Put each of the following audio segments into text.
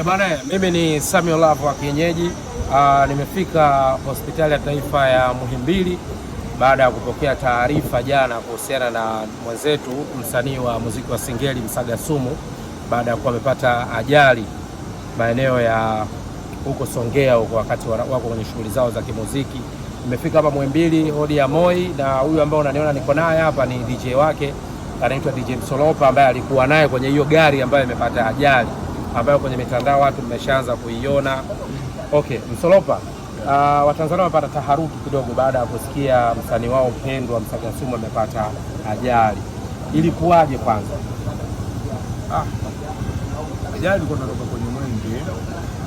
Eh, Bana, mimi ni Samuel Love wa kienyeji. Uh, nimefika hospitali ya taifa ya Muhimbili baada ya kupokea taarifa jana kuhusiana na mwenzetu msanii wa muziki wa Singeli Msaga Sumu baada ya kuwa amepata ajali maeneo ya huko Songea huko wakati wako kwenye shughuli zao za kimuziki. Nimefika hapa Muhimbili hodi ya Moi, na huyu ambao unaniona niko naye hapa ni DJ wake anaitwa DJ Msolopa ambaye alikuwa naye kwenye hiyo gari ambayo imepata ajali ambayo kwenye mitandao watu mmeshaanza kuiona. Okay, Msolopa, uh, Watanzania wamepata taharuki kidogo baada ya kusikia msanii wao mpendwa Msaga amepata ajali. Ilikuwaje kwanza? Ah, ajali ilikuwa natoka kwenye mwenge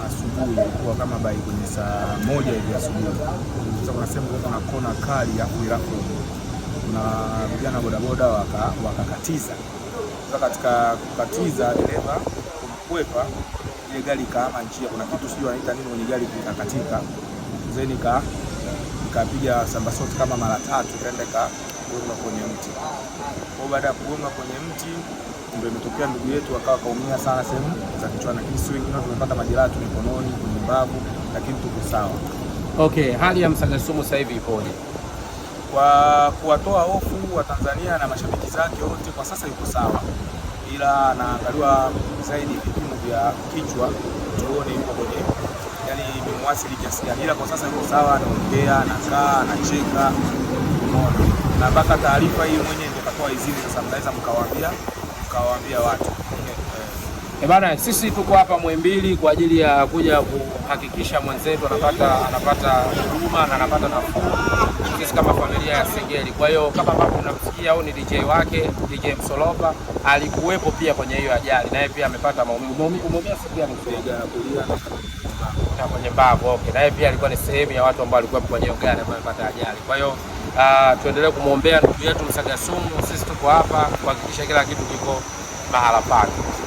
asubuhi, ilikuwa kama bai kwenye saa moja hivi asubuhi. Sasa kuna sehemu kuna kona kali ya kuirafu, kuna vijana bodaboda wakakatiza waka sasa katika kukatiza dereva nikakwepa ile gari ikaama njia, kuna kitu sijui wanaita nini kwenye gari kikakatika. Mzee nika nikapiga sambasoti kama mara tatu, kaenda kagonga kwenye mti. Kwa baada ya kugonga kwenye mti ndio imetokea ndugu yetu akawa kaumia sana sehemu za kichwa na kisu, wengine tumepata majeraha tu mikononi, kwenye mbavu, lakini tuko sawa. Okay, hali ya Msanga sasa hivi ipoje? Kwa kuwatoa hofu wa Tanzania na mashabiki zake wote, kwa sasa yuko sawa ila anaangaliwa zaidi vipimo vya kichwa tuone yuko kwenye yani imemwasili kiasi gani, ila kwa sasa yuko sawa, anaongea, anakaa, anacheka, umeona, na mpaka taarifa hii mwenye ndio katoa izini. Sasa mnaweza mkawaambia mkawaambia watu E bana, sisi tuko hapa Muhimbili kwa ajili ya kuja kuhakikisha mwenzetu anapata anapata huduma na anapata nafuu ya singeli. Kwa hiyo kama ambavyo unamsikia au ni DJ wake DJ Msoloba alikuwepo pia kwenye hiyo ajali, naye pia amepata maumivu. Umeumia siku ya kwenye mbavu? Okay, naye pia alikuwa ni sehemu ya watu ambao walikuwepo kwenye hiyo gari ambayo amepata ajali. Kwa hiyo uh, tuendelee kumwombea ndugu yetu Msagasumu, Sisi tuko hapa kuhakikisha kila kitu kiko mahala pake.